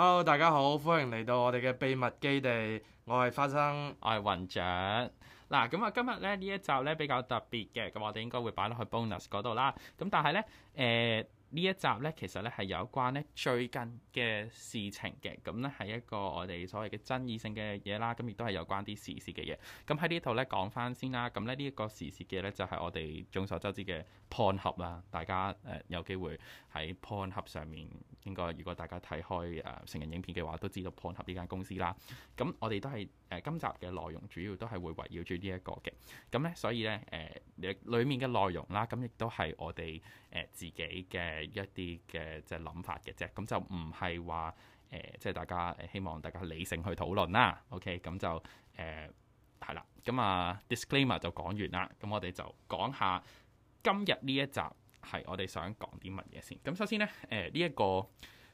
Hello 大家好，歡迎嚟到我哋嘅秘密基地，我係花生，我係雲雀。嗱，咁啊，今日咧呢一集咧比較特別嘅，咁我哋應該會擺落去 bonus 嗰度啦。咁但係咧，誒。呢一集呢，其實呢係有關呢最近嘅事情嘅，咁呢係一個我哋所謂嘅爭議性嘅嘢啦，咁亦都係有關啲時事嘅嘢。咁喺呢度呢，講翻先啦，咁咧呢一個時事嘅呢，就係、是、我哋眾所周知嘅 Pornhub 啦，大家誒、呃、有機會喺 Pornhub 上面，應該如果大家睇開誒成人影片嘅話，都知道 Pornhub 呢間公司啦。咁我哋都係誒、呃、今集嘅內容主要都係會圍繞住呢一個嘅，咁呢，所以呢，誒、呃、裏面嘅內容啦，咁亦都係我哋誒、呃、自己嘅。一啲嘅即係諗法嘅啫，咁就唔係話誒，即係大家希望大家理性去討論啦。OK，咁就誒係、呃、啦，咁啊 Disclaimer 就講完啦，咁我哋就講下今日呢一集係我哋想講啲乜嘢先。咁首先呢，誒呢一個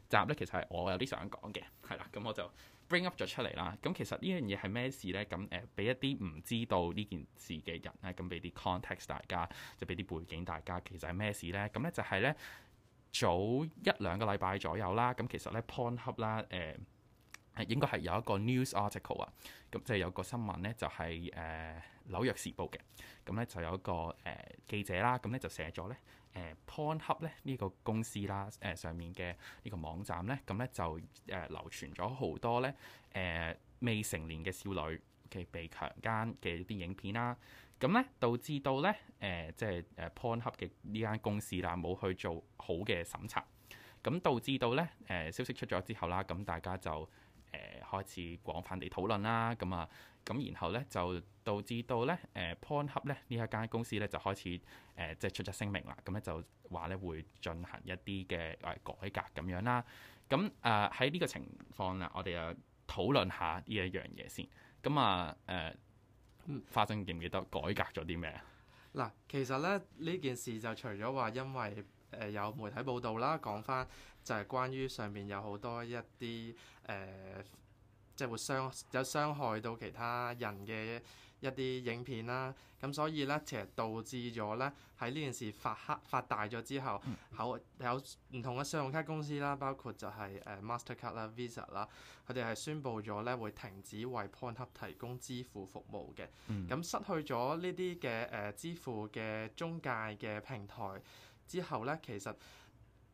集呢，其實係我有啲想講嘅，係啦，咁我就 bring up 咗出嚟啦。咁其實呢樣嘢係咩事呢？咁誒俾一啲唔知道呢件事嘅人咧，咁俾啲 context 大家，就俾啲背景大家，其實係咩事呢？咁呢就係呢。早一兩個禮拜左右啦，咁其實咧 Pornhub 啦，誒、呃、應該係有一個 news article 啊，咁即係有個新聞咧，就係誒紐約時報嘅，咁咧就有一個誒、就是呃呃、記者啦，咁咧就寫咗咧誒、呃、Pornhub 咧呢、這個公司啦，誒、呃、上面嘅呢個網站咧，咁咧就誒流傳咗好多咧誒、呃、未成年嘅少女嘅被強姦嘅一啲影片啦。咁咧、嗯、導致到咧誒、呃，即係誒 Pornhub 嘅呢間公司啦，冇去做好嘅審查，咁、嗯、導致到咧誒、呃、消息出咗之後啦，咁大家就誒、呃、開始廣泛地討論啦，咁、嗯、啊，咁然後咧就導致到咧誒 Pornhub 咧呢一間公司咧就開始誒、呃、即係出咗聲明啦，咁、嗯、咧就話咧會進行一啲嘅誒改革咁樣啦，咁啊喺呢個情況啦，我哋就討論下呢一樣嘢先，咁啊誒。呃呃花生記唔記得改革咗啲咩啊？嗱，其實咧呢件事就除咗話因為誒有媒體報道啦，講返就係關於上面有好多一啲誒，即係會傷有傷害到其他人嘅。一啲影片啦，咁所以咧，其實導致咗咧喺呢件事發黑發大咗之後，嗯、有有唔同嘅信用卡公司啦，包括就係誒 Mastercard 啦、Visa 啦，佢哋係宣布咗咧會停止為 Pornhub 提供支付服務嘅。咁、嗯、失去咗呢啲嘅誒支付嘅中介嘅平台之後咧，其實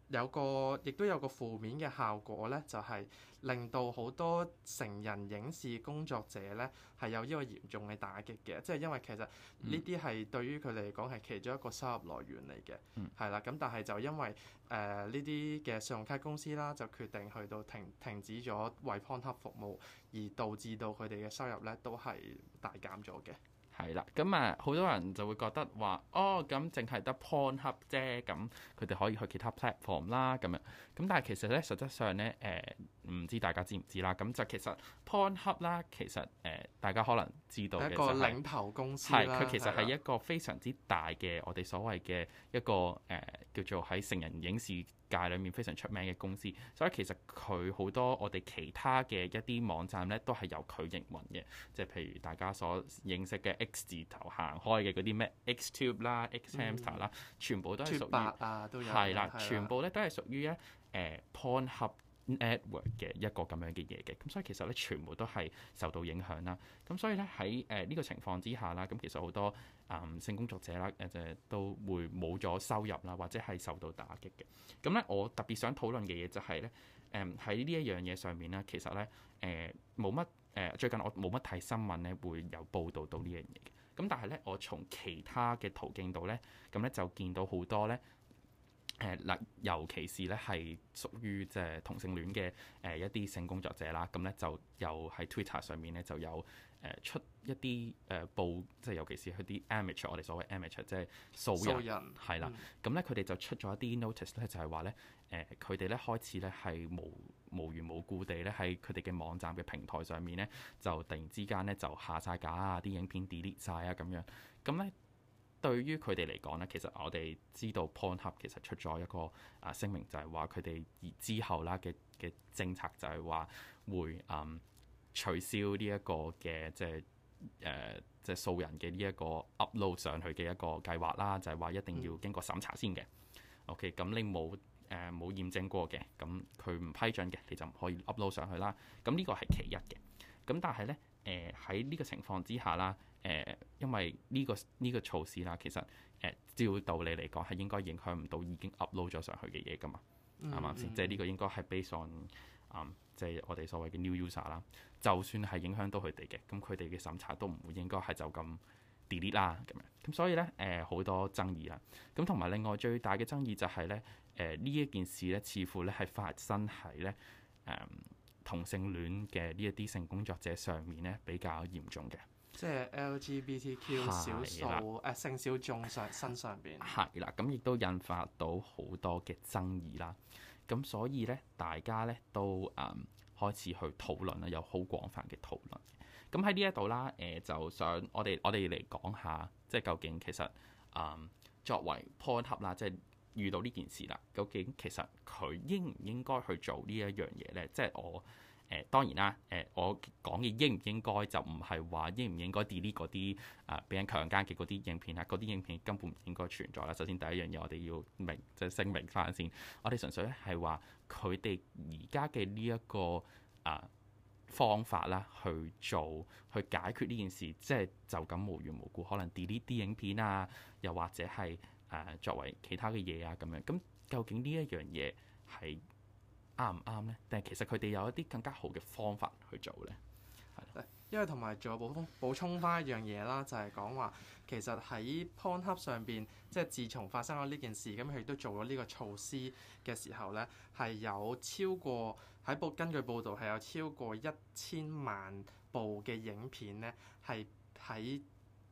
有個亦都有個負面嘅效果咧，就係、是。令到好多成人影視工作者呢，係有呢個嚴重嘅打擊嘅，即係因為其實呢啲係對於佢哋嚟講係其中一個收入來源嚟嘅，係啦、嗯。咁但係就因為誒呢啲嘅信用卡公司啦，就決定去到停停止咗為 Pornhub 服務，而導致到佢哋嘅收入呢都係大減咗嘅。係啦，咁誒好多人就會覺得話哦，咁淨係得 Pornhub 啫，咁佢哋可以去其他 platform 啦，咁樣咁。但係其實呢，實質上呢，誒、呃。唔知大家知唔知啦？咁就其實 Pornhub 啦，其實誒、呃、大家可能知道嘅一個領頭公司係，佢、就是嗯、其實係一個非常之大嘅我哋所謂嘅一個誒、呃、叫做喺成人影視界裏面非常出名嘅公司。所以其實佢好多我哋其他嘅一啲網站咧，都係由佢營運嘅，即係譬如大家所認識嘅 X 字頭行開嘅嗰啲咩 XTube 啦、Xhamster 啦，全部都係屬於係啦，全部咧都係屬於咧誒 Pornhub network 嘅一個咁樣嘅嘢嘅，咁所以其實咧全部都係受到影響啦。咁所以咧喺誒呢個情況之下啦，咁其實好多誒、嗯、性工作者啦誒、呃、都會冇咗收入啦，或者係受到打擊嘅。咁咧我特別想討論嘅嘢就係咧誒喺呢一樣嘢上面啦，其實咧誒冇乜誒最近我冇乜睇新聞咧會有報導到呢樣嘢嘅。咁但係咧我從其他嘅途徑度咧，咁咧就見到好多咧。誒嗱，尤其是咧係屬於即係同性戀嘅誒一啲性工作者啦，咁咧就又喺 Twitter 上面咧就有誒出一啲誒報，即係尤其是佢啲 amateur，我哋所謂 amateur，即係素人，係啦，素人。咁咧佢哋就出咗一啲 notice 咧，就係話咧誒佢哋咧開始咧係無無緣無故地咧喺佢哋嘅網站嘅平台上面咧就突然之間咧就下晒架啊，啲影片 delete 晒啊咁樣，咁咧。對於佢哋嚟講呢，其實我哋知道 Pornhub，其實出咗一個啊聲明，就係話佢哋而之後啦嘅嘅政策就係話會嗯取消呢、這、一個嘅即係誒、呃、即係素人嘅呢一個 upload 上去嘅一個計劃啦，就係、是、話一定要經過審查先嘅。嗯、OK，咁你冇誒冇驗證過嘅，咁佢唔批准嘅，你就唔可以 upload 上去啦。咁呢個係其一嘅。咁但係呢，誒喺呢個情況之下啦。誒，因為呢、這個呢、這個措施啦，其實誒、呃、照道理嚟講係應該影響唔到已經 upload 咗上去嘅嘢噶嘛，係咪先？即係呢個應該係 based on，即係我哋所謂嘅 new user 啦。就算係影響到佢哋嘅，咁佢哋嘅審查都唔會應該係就咁 delete 啦。咁樣咁所以呢，誒、呃、好多爭議啦。咁同埋另外最大嘅爭議就係、是、呢，誒呢一件事呢，似乎呢係發生喺呢誒同性戀嘅呢一啲性工作者上面呢，比較嚴重嘅。即係 LGBTQ 少數誒了、啊、性少眾上身上邊係啦，咁亦都引發到好多嘅爭議啦。咁所以咧，大家咧都誒、嗯、開始去討論啦，有好廣泛嘅討論。咁喺呢一度啦，誒、呃、就想我哋我哋嚟講下，即係究竟其實誒、嗯、作為 Pornhub 啦，即係遇到呢件事啦，究竟其實佢應唔應該去做呢一樣嘢咧？即係我。誒當然啦，誒我講嘅應唔應該就唔係話應唔應該 delete 嗰啲啊，呃、俾人強姦嘅嗰啲影片啊，嗰啲影片根本唔應該存在啦。首先第一樣嘢，我哋要明即係聲明翻先，我哋純粹係話佢哋而家嘅呢一個啊方法啦，去做去解決呢件事，即係就咁無緣無故可能 delete 啲影片啊，又或者係誒、呃、作為其他嘅嘢啊咁樣。咁究竟呢一樣嘢係？啱唔啱呢？定係其實佢哋有一啲更加好嘅方法去做呢？係啦。因為同埋仲有補充補充翻一樣嘢啦，就係講話其實喺 Pornhub 上邊，即係自從發生咗呢件事，咁佢都做咗呢個措施嘅時候呢，係有超過喺報根據報道係有超過一千萬部嘅影片呢，係喺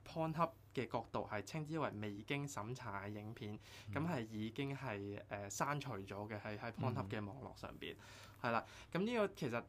Pornhub。嘅角度係稱之為未經審查嘅影片，咁係、嗯、已經係誒刪除咗嘅，係喺 Pornhub 嘅網絡上邊係啦。咁呢、嗯、個其實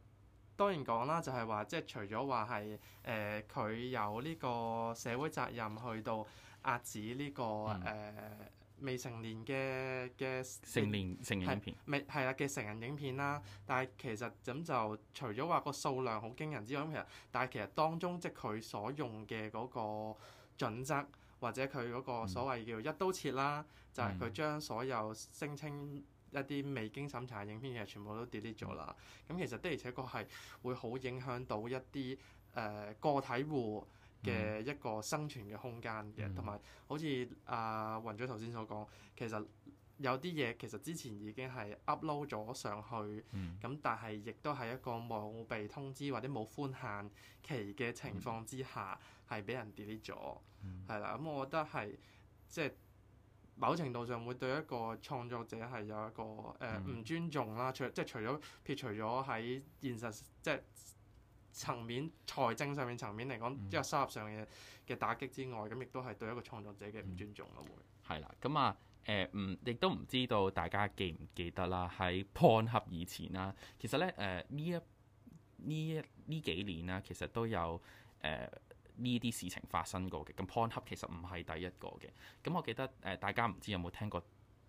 當然講啦，就係、是、話即係除咗話係誒佢有呢個社會責任去到壓止呢、呢個誒、嗯呃、未成年嘅嘅成年成人影片未係啊嘅成人影片啦。但係其實咁就除咗話個數量好驚人之外，咁其實但係其實當中即係佢所用嘅嗰、嗰個。準則或者佢嗰個所謂叫一刀切啦，嗯、就係佢將所有聲稱一啲未經審查嘅影片其全部都 delete 咗啦。咁、嗯嗯、其實的而且確係會好影響到一啲誒、呃、個體戶嘅一個生存嘅空間嘅，同埋、嗯、好似阿、呃、雲姐頭先所講，其實。有啲嘢其實之前已經係 upload 咗上去，咁但係亦都係一個冇被通知或者冇寬限期嘅情況之下，係俾人 delete 咗，係啦、嗯。咁、嗯嗯、我覺得係即係某程度上會對一個創作者係有一個誒唔、呃嗯、尊重啦。除即係除咗撇除咗喺現實即係層面財政上面層面嚟講，嗯、即係收入上嘅嘅打擊之外，咁亦都係對一個創作者嘅唔尊重咯。嗯、會係啦，咁啊對。嗯。誒嗯，亦都唔知道大家記唔記得啦。喺 Pornhub 以前啦，其實咧誒呢一呢一呢幾年啦，其實都有誒呢啲事情發生過嘅。咁 Pornhub 其實唔係第一個嘅。咁、嗯、我記得誒、呃、大家唔知有冇聽過、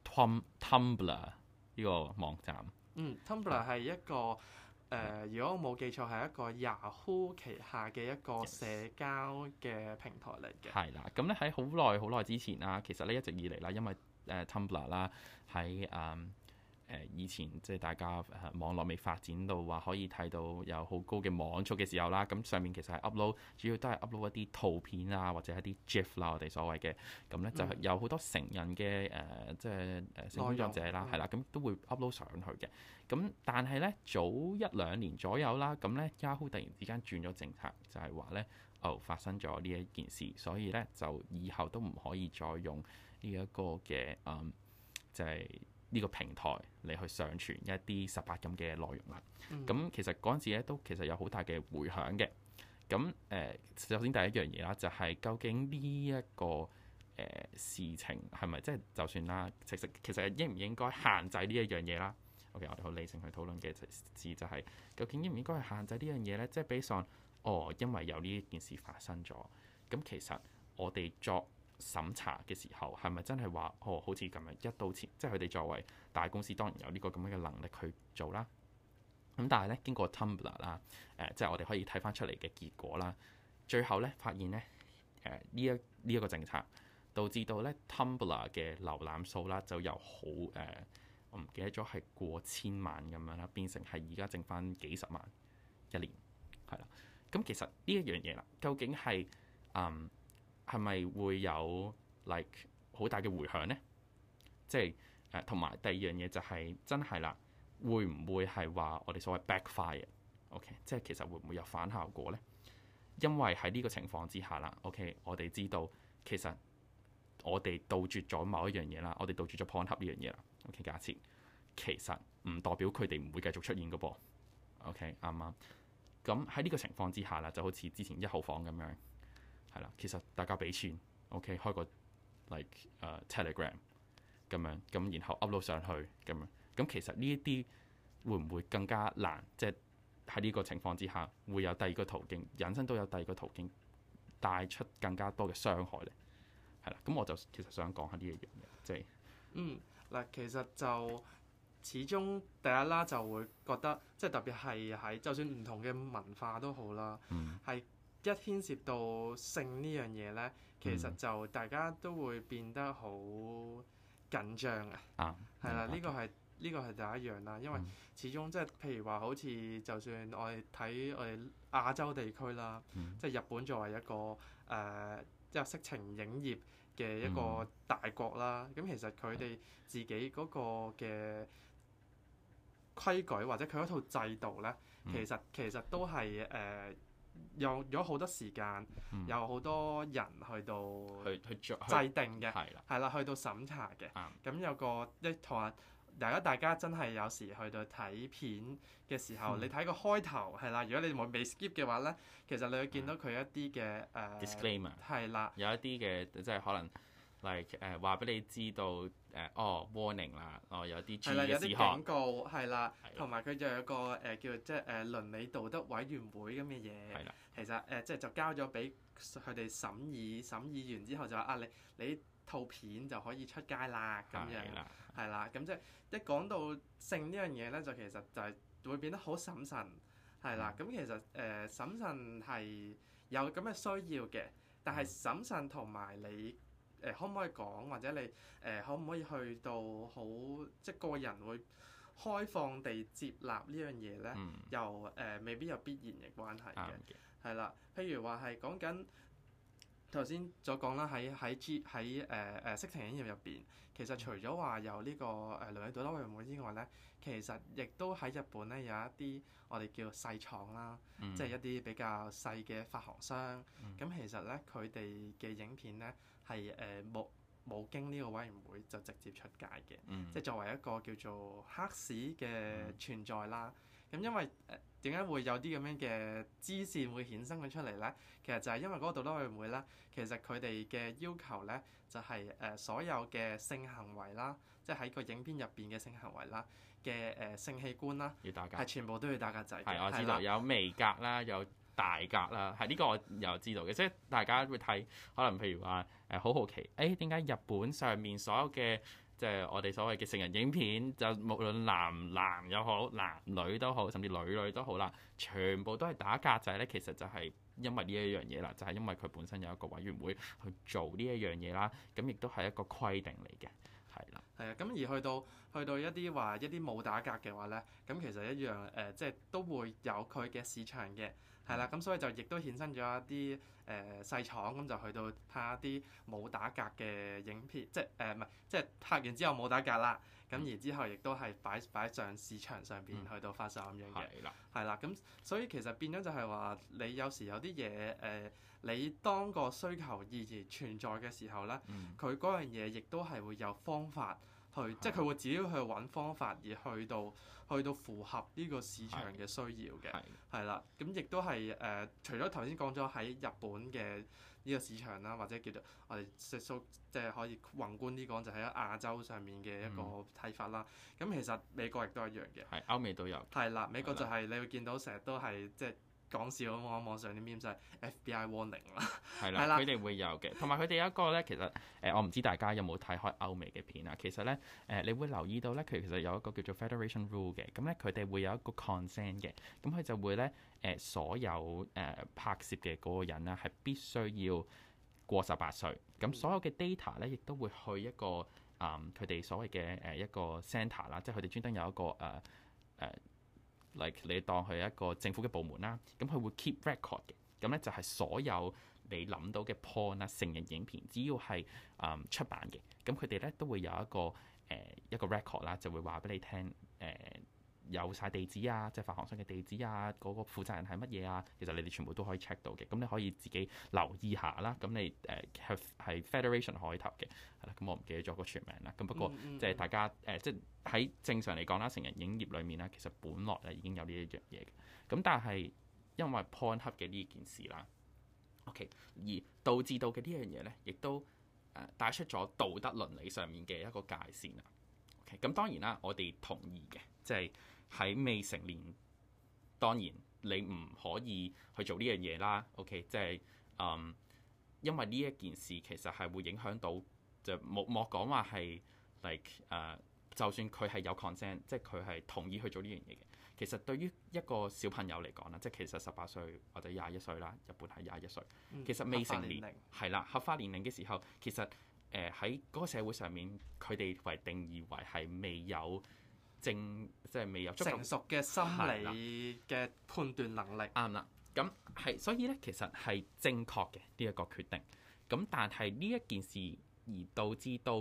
Tum, Tumblr 呢個網站？嗯，Tumblr 係一個誒是、呃，如果我冇記錯係一個 Yahoo 旗下嘅一個社交嘅平台嚟嘅。係啦，咁咧喺好耐好耐之前啦，其實咧一直以嚟啦，因為誒 Tumblr 啦，喺誒誒以前即係大家誒、啊、網絡未發展到話可以睇到有好高嘅網速嘅時候啦，咁上面其實係 upload 主要都係 upload 一啲圖片啊，或者一啲 gif 啦，我哋所謂嘅，咁咧就係有好多成人嘅誒即係性工作者啦，係啦、嗯，咁都會 upload 上，上去嘅。咁但係咧早一兩年左右啦，咁咧 Yahoo 突然之間轉咗政策，就係話咧哦發生咗呢一件事，所以咧就以後都唔可以再用。呢一個嘅誒、嗯，就係、是、呢個平台嚟去上傳一啲十八禁嘅內容啦。咁、嗯、其實嗰陣時咧，都其實有好大嘅迴響嘅。咁誒、呃，首先第一樣嘢啦，就係、是、究竟呢、這、一個誒、呃、事情係咪即係就算啦？其實其實應唔應該限制呢一樣嘢啦？OK，我哋好理性去討論嘅就係究竟應唔應該去限制樣呢樣嘢咧？即係比上哦，因為有呢一件事發生咗，咁其實我哋作。審查嘅時候係咪真係話哦？好似咁樣一刀切，即係佢哋作為大公司，當然有呢個咁樣嘅能力去做啦。咁但係呢，經過 Tumblr 啊、呃，誒，即係我哋可以睇翻出嚟嘅結果啦。最後呢，發現呢，呢一呢一個政策導致到呢 Tumblr 嘅瀏覽數啦，就由好誒，我唔記得咗係過千萬咁樣啦，變成係而家剩翻幾十萬一年，係啦。咁、嗯、其實呢一樣嘢啦，究竟係嗯？係咪會有 like 好大嘅回響呢？即係同埋第二樣嘢就係、是、真係啦，會唔會係話我哋所謂 backfire？OK，okay，即係其實會唔會有反效果呢？因為喺呢個情況之下啦，OK，我哋知道其實我哋杜絕咗某一樣嘢啦，我哋杜絕咗 p o 破合呢樣嘢啦。OK，假設其實唔代表佢哋唔會繼續出現嘅噃。OK，啱啱？咁喺呢個情況之下啦，就好似之前一號房咁樣。係啦，其實大家俾錢，OK，開個 like 誒、uh, Telegram 咁樣，咁然後 upload 上去咁樣，咁其實呢一啲會唔會更加難？即係喺呢個情況之下，會有第二個途徑，人生都有第二個途徑帶出更加多嘅傷害咧。係啦，咁我就其實想講下呢一樣嘢，即、就、係、是、嗯嗱，其實就始終第一啦，就會覺得即係、就是、特別係喺就算唔同嘅文化都好啦，係、嗯。一牽涉到性呢樣嘢呢，其實就大家都會變得好緊張嘅，係啦，呢個係呢、呢個係第一樣啦。因為始終即、就、係、係、譬如話，好似就算我哋睇我哋亞洲地區啦，即係、嗯、日本作為一個誒即係色情影業嘅一個大國啦，咁、嗯、其實佢哋自己嗰個嘅規矩或者佢嗰套制度呢，嗯、其實其實都係誒。呃有咗好多時間，嗯、有好多人去到去去制定嘅，係啦，係啦，去，的的去到審查嘅。咁、嗯、有個一同話，如果大家真係有時去到睇片嘅時候，嗯、你睇個開頭係啦，如果你冇未 skip 嘅話咧，其實你會見到佢一啲嘅誒 disclaimer，係啦，有一啲嘅即係可能。例如誒話俾你知道誒哦，warning 啦哦，Ooh, game, aussi, 有啲係啦，有啲廣告係啦，同埋佢就有一個叫即係誒倫理道德委員會咁嘅嘢係啦。其實誒、呃、即係就交咗俾佢哋審議，審議完之後就話啊，啊，你你套片就可以出街啦，咁樣係啦，係啦。咁即係一講到性呢樣嘢咧，就其實就係會變得好審慎係啦。咁其實誒審慎係有咁嘅需要嘅，但係審慎同埋你。誒可唔可以講，或者你誒、呃、可唔可以去到好，即個人會開放地接納呢樣嘢咧？嗯、又誒、呃、未必有必然嘅關係嘅，係啦、嗯。譬如話係講緊頭先所講啦，喺喺 G 喺誒誒色情影業入邊，其實除咗話有呢、這個誒雷鬼獨立文化之外咧，其實亦都喺日本咧有一啲我哋叫細廠啦，嗯、即係一啲比較細嘅發行商。咁其實咧佢哋嘅影片咧。係誒冇冇經呢個委員會就直接出街嘅，嗯、即係作為一個叫做黑市嘅存在啦。咁、嗯、因為點解、呃、會有啲咁樣嘅支線會衍生咗出嚟咧？其實就係因為嗰個道德委員會咧，其實佢哋嘅要求咧就係、是、誒、呃、所有嘅性行為啦，即係喺個影片入邊嘅性行為啦嘅誒、呃、性器官啦，係全部都要打格仔，我知道，啦的，有微格啦，有。大格啦，係呢個我有知道嘅，即係大家會睇，可能譬如話誒好好奇，誒點解日本上面所有嘅即係我哋所謂嘅成人影片，就無論男男又好，男女都好，甚至女女都好啦，全部都係打格仔呢？其實就係因為呢一樣嘢啦，就係因為佢本身有一個委員會去做呢一樣嘢啦，咁亦都係一個規定嚟嘅。係啊，咁而去到去到一啲話一啲冇打格嘅話咧，咁其實一樣誒、呃，即係都會有佢嘅市場嘅，係啦，咁所以就亦都衍生咗一啲誒、呃、細廠，咁就去到拍一啲冇打格嘅影片，即係誒唔係，即係拍完之後冇打格啦，咁、嗯、而之後亦都係擺擺上市場上邊去到發售咁樣嘅，係啦，係啦，咁所以其實變咗就係話你有時有啲嘢誒。呃你當個需求依然存在嘅時候呢，佢嗰、嗯、樣嘢亦都係會有方法去，對即係佢會自己去揾方法而去到去到符合呢個市場嘅需要嘅，係啦。咁亦都係誒、呃，除咗頭先講咗喺日本嘅呢個市場啦，或者叫做我哋直縮，即、就、係、是、可以宏觀啲講，就係亞洲上面嘅一個睇法啦。咁、嗯、其實美國亦都一樣嘅，歐美都有。係啦，美國就係、是、的你會見到成日都係即係。講笑啊！網上啲片就係、是、FBI warning 啦。係 啦，佢哋會有嘅。同埋佢哋有一個咧，其實誒、呃、我唔知大家有冇睇開歐美嘅片啊。其實咧誒、呃，你會留意到咧，佢其實有一個叫做 Federation Rule 嘅。咁咧佢哋會有一個 consent 嘅。咁佢就會咧誒、呃、所有誒、呃、拍攝嘅嗰個人啦，係必須要過十八歲。咁所有嘅 data 咧，亦都會去一個誒佢哋所謂嘅誒、呃、一個 center 啦，即係佢哋專登有一個誒誒。呃呃 Like 你當佢係一個政府嘅部門啦，咁佢會 keep record 嘅，咁咧就係所有你諗到嘅 porn 啊、成人影片，只要係誒、um, 出版嘅，咁佢哋咧都會有一個誒、呃、一個 record 啦，就會話俾你聽誒。呃有晒地址啊，即係發行商嘅地址啊，嗰、那個負責人係乜嘢啊？其實你哋全部都可以 check 到嘅，咁你可以自己留意下啦。咁你誒係、uh, federation 開頭嘅，係啦。咁我唔記得咗個全名啦。咁不過即係、嗯嗯嗯、大家誒，即係喺正常嚟講啦，成人影業裡面咧，其實本來係已經有呢一樣嘢嘅。咁但係因為 pornhub 嘅呢件事啦，ok 而導致到嘅呢樣嘢咧，亦都誒帶、uh, 出咗道德倫理上面嘅一個界線啊。ok 咁當然啦，我哋同意嘅，即、就、係、是。喺未成年，當然你唔可以去做呢樣嘢啦。OK，即係、嗯、因為呢一件事其實係會影響到，就莫莫講話係 like、呃、就算佢係有 consent 即係佢係同意去做呢樣嘢嘅。其實對於一個小朋友嚟講啦，即係其實十八歲或者廿一歲啦，日本係廿一歲，嗯、其實未成年係啦，合法年齡嘅時候，其實喺嗰、呃、個社會上面，佢哋為定義為係未有，正即係未有成熟嘅心理嘅判斷能力。啱啦，咁係所以呢，其實係正確嘅呢一個決定。咁但係呢一件事而導致到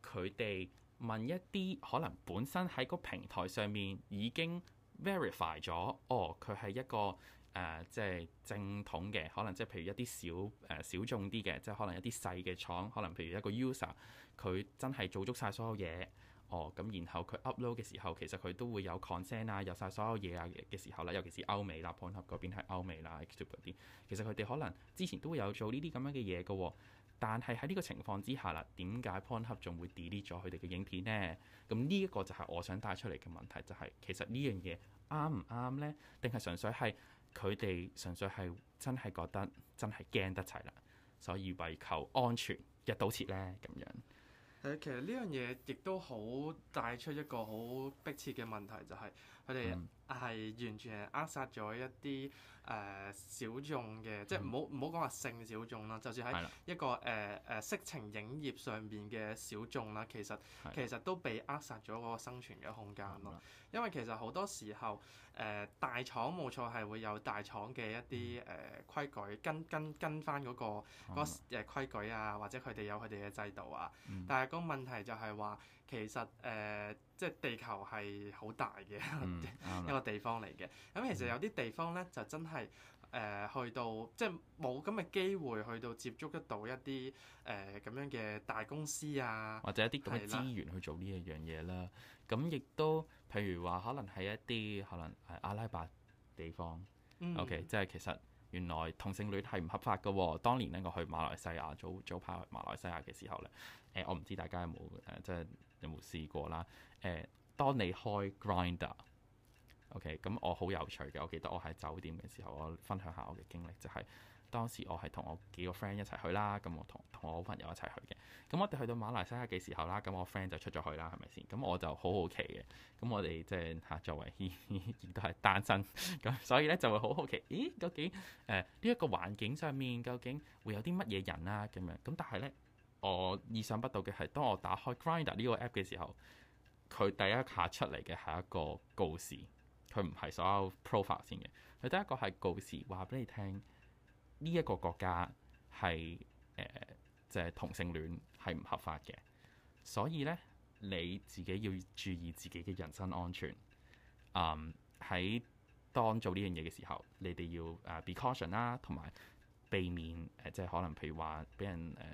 佢哋問一啲可能本身喺個平台上面已經 verify 咗，哦，佢係一個誒即係正統嘅，可能即係譬如一啲小誒、呃、小眾啲嘅，即係可能一啲細嘅廠，可能譬如一個 user，佢真係做足晒所有嘢。哦，咁然後佢 upload 嘅時候，其實佢都會有 consent 啊，有晒所有嘢啊嘅時候咧，尤其是歐美啦、啊，Pornhub 嗰邊係歐美啦，YouTube 嗰邊，其實佢哋可能之前都會有做呢啲咁樣嘅嘢嘅，但係喺呢個情況之下啦，點解 Pornhub 仲會 delete 咗佢哋嘅影片呢？咁呢一個就係我想帶出嚟嘅問題，就係、是、其實呢樣嘢啱唔啱呢？定係純粹係佢哋純粹係真係覺得真係驚得滯啦，所以為求安全一刀切呢。咁樣。誒，其實呢樣嘢亦都好帶出一個好迫切嘅問題，就係、是。佢哋係完全係扼殺咗一啲誒小眾嘅，即係唔好唔好講話性小眾啦，就算喺一個誒誒色情影業上邊嘅小眾啦，其實其實都被扼殺咗嗰個生存嘅空間咯。因為其實好多時候誒大廠冇錯係會有大廠嘅一啲誒規矩，跟跟跟翻嗰個嗰誒規矩啊，或者佢哋有佢哋嘅制度啊。但係個問題就係話。其實誒，即係地球係好大嘅、嗯、 一個地方嚟嘅。咁、嗯、其實有啲地方呢，就真係誒去到、嗯、即係冇咁嘅機會去到接觸得到一啲誒咁樣嘅大公司啊，或者一啲咁嘅資源去做呢一樣嘢啦、嗯。咁亦、啊、都譬如話，可能喺一啲可能阿拉伯地方、嗯、OK，即係其實原來同性戀係唔合法㗎。當年咧，我去馬來西亞早排去馬來西亞嘅時候呢，誒、欸、我唔知大家有冇誒即係。啊 有冇試過啦？誒，當你開 Grindr，OK，、okay, 咁我好有趣嘅，我記得我喺酒店嘅時候，我分享下我嘅經歷，就係、是、當時我係同我幾個 friend 一齊去啦，咁我同同我好朋友一齊去嘅。咁我哋去,去到馬來西亞嘅時候啦，咁我 friend 就出咗去啦，係咪先？咁我就好好奇嘅。咁我哋即係嚇，作為 都係單身，咁所以咧就會好好奇，咦、欸？究竟誒呢一個環境上面究竟會有啲乜嘢人啦、啊？咁樣咁，但係咧。我意想不到嘅係，當我打開 Grinder 呢個 app 嘅時候，佢第一下出嚟嘅係一個告示，佢唔係所有 profile 先嘅。佢第一個係告示告，話俾你聽呢一個國家係誒即係同性戀係唔合法嘅，所以咧你自己要注意自己嘅人身安全。嗯，喺當做呢樣嘢嘅時候，你哋要誒、呃、be caution 啦，同埋避免誒、呃、即係可能譬如話俾人誒。呃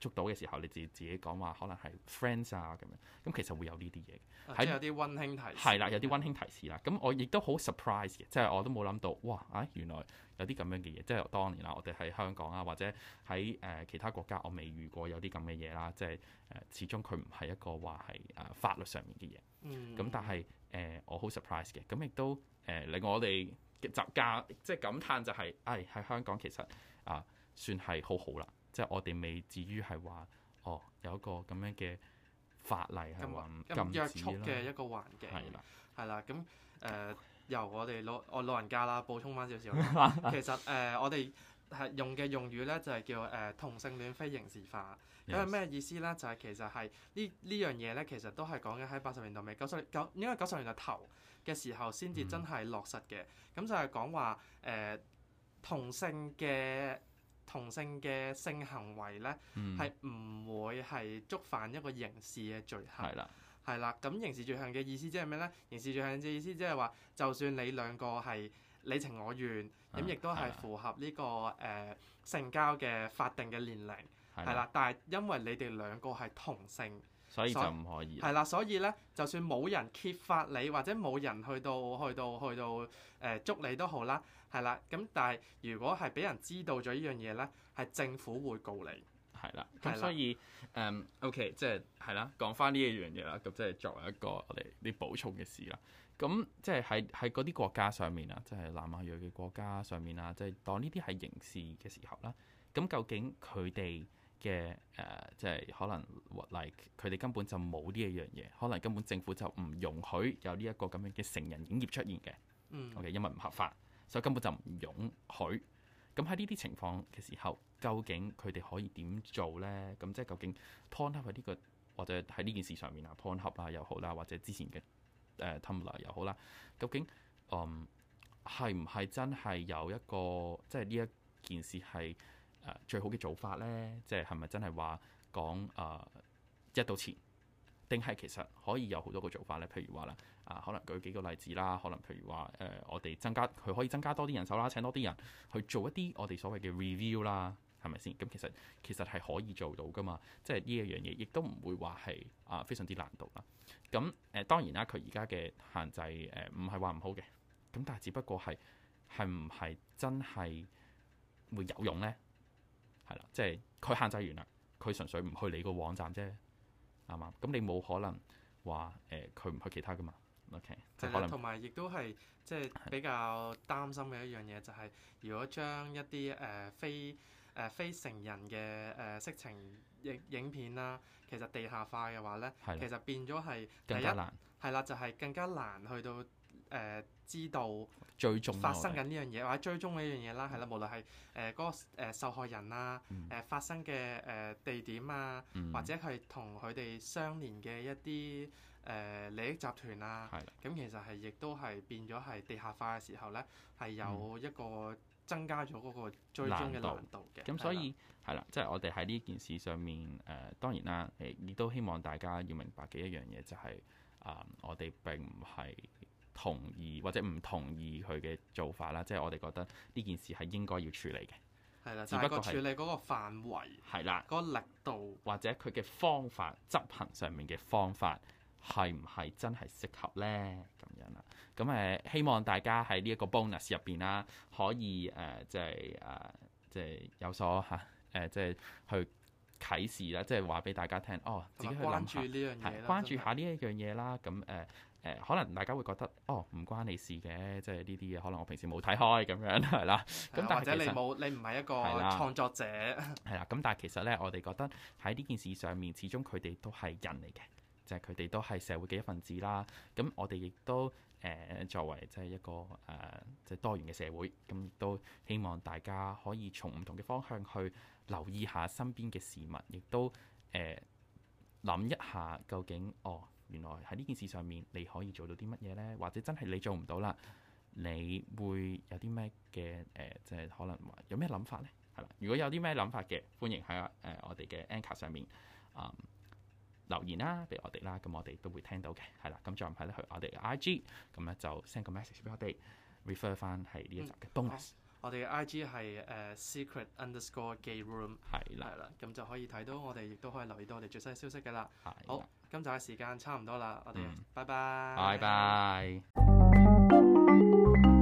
捉到嘅時候，你自己自己講話，可能係 friends 啊咁樣，咁其實會有呢啲嘢，喺、啊、在有啲溫馨提示。係啦，有啲溫馨提示啦。咁、啊、我亦都好 surprise 嘅，即係我都冇諗到，哇！啊，原來有啲咁樣嘅嘢，即係當年啦，我哋喺香港啊，或者喺誒、呃、其他國家，我未遇過有啲咁嘅嘢啦。即係誒、呃，始終佢唔係一個話係誒法律上面嘅嘢。嗯。咁但係誒、呃，我好 surprise 嘅，咁亦都誒、呃、令我哋嘅集家即係感嘆就係、是，誒、哎、喺香港其實啊算係好、啊、算好啦。即係我哋未至於係話，哦，有一個咁樣嘅法例係話禁止啦。咁約束嘅一個環境。係啦的，係啦。咁誒、呃，由我哋老我老人家啦，補充翻少少。其實誒、呃，我哋係用嘅用語咧，就係、是、叫誒、呃、同性戀非刑事化。因為係咩意思咧？就係、是、其實係呢呢樣嘢咧，其實都係講緊喺八十年代尾，九十年九，9，應該九十年代頭嘅時候先至真係落實嘅。咁、嗯、就係講話誒同性嘅。同性嘅性行為呢，係唔、嗯、會係觸犯一個刑事嘅罪行。係啦的，咁刑事罪行嘅意思即係咩呢？刑事罪行嘅意思即係話，就算你兩個係你情我願，咁亦的都係符合呢、這個誒的、呃、性交嘅法定嘅年齡，係啦的的。但係因為你哋兩個係同性。所以就唔可以。係啦，所以咧，就算冇人揭發你，或者冇人去到去到去到誒、呃、捉你都好啦，係啦。咁但係如果係俾人知道咗呢樣嘢咧，係政府會告你。係啦，咁所以誒，um，OK，即係係啦，講翻呢一樣嘢啦。咁即係作為一個我哋啲補充嘅事啦。咁即係喺喺嗰啲國家上面啊，即係南亞裔嘅國家上面啊，即係當呢啲係刑事嘅時候啦。咁究竟佢哋？嘅誒、呃，即係可能 like，佢哋根本就冇呢一樣嘢，可能根本政府就唔容許有呢一個咁樣嘅成人影業出現嘅。嗯，OK，因為唔合法，所以根本就唔容許。咁喺呢啲情況嘅時候，究竟佢哋可以點做咧？咁即係究竟 Pornhub 喺呢、這個或者喺呢件事上面啊，Pornhub 啊又好啦，或者之前嘅誒 Tumblr 又好啦，究竟嗯係唔係真係有一個即係呢一件事係？最好嘅做法呢，即係係咪真係話講誒一刀切？定係其實可以有好多個做法呢？譬如話啦，啊、呃，可能舉幾個例子啦。可能譬如話誒、呃，我哋增加佢可以增加多啲人手啦，請多啲人去做一啲我哋所謂嘅 review 啦，係咪先？咁、嗯、其實其實係可以做到㗎嘛。即係呢一樣嘢，亦都唔會話係啊非常之難度啦。咁誒、呃、當然啦，佢而家嘅限制誒唔係話唔好嘅，咁但係只不過係係唔係真係會有用呢？係啦，即係佢限制完啦，佢純粹唔去你個網站啫，啱嘛？咁你冇可能話誒佢唔去其他噶嘛？OK，可能同埋亦都係即係比較擔心嘅一樣嘢，就係如果將一啲誒、呃、非誒、呃、非成人嘅誒色情影影片啦，其實地下化嘅話咧，其實變咗係更加難係啦，就係更加難去到。誒、呃、知道、啊，最終發生緊呢樣嘢，們或者追蹤呢一樣嘢啦，係啦、嗯，無論係誒嗰個受害人啦、啊，誒、嗯、發生嘅誒地點啊，嗯、或者係同佢哋相連嘅一啲誒、呃、利益集團啊，係咁、嗯、其實係亦都係變咗係地下化嘅時候咧，係有一個增加咗嗰個追蹤嘅難度嘅咁，嗯嗯、所以係啦、嗯吧，即係我哋喺呢件事上面誒、呃，當然啦，亦都希望大家要明白嘅一樣嘢就係、是、啊、嗯嗯嗯，我哋並唔係。同意或者唔同意佢嘅做法啦，即係我哋覺得呢件事係應該要處理嘅。係啦的，只不過個處理嗰個範圍。係啦的，個力度或者佢嘅方法執行上面嘅方法係唔係真係適合咧？咁樣啦，咁、嗯、誒希望大家喺呢一個 bonus 入邊啦，可以誒即係誒即係有所、嗯就是、吓誒即係去啟示啦，即係話俾大家聽哦，還有 自己咁關注呢樣嘢啦，關注下呢一樣嘢啦，咁誒的。誒可能大家會覺得哦，唔關你事嘅，即係呢啲嘢可能我平時冇睇開咁樣係啦。咁 或者你冇你唔係一個創作者係啦。咁的 但係其實呢，我哋覺得喺呢件事上面，始終佢哋都係人嚟嘅，即係佢哋都係社會嘅一份子啦。咁我哋亦都誒、呃、作為即係一個誒、呃、即多元嘅社會，咁亦都希望大家可以從唔同嘅方向去留意下身邊嘅市民，亦都誒諗、呃、一下究竟哦。原來喺呢件事上面你可以做到啲乜嘢咧？或者真係你做唔到啦？你會有啲咩嘅誒？即係可能有咩諗法咧？係啦，如果有啲咩諗法嘅，歡迎喺誒、呃呃、我哋嘅 Anchor 上面啊、嗯、留言啦、啊，俾我哋啦、啊，咁我哋都會聽到嘅。係啦，咁再唔係咧去我哋嘅 IG，咁咧就 send 個 message 俾我哋 refer 翻係呢一集嘅 bonus 我哋嘅 IG 係誒 secret_underscore_gay_room 係啦，係、uh, 啦，咁吧就可以睇到我哋亦都可以留意到我哋最新嘅消息嘅啦。係吧好。今集嘅時間差唔多喇，我哋拜拜。嗯、拜拜。拜拜。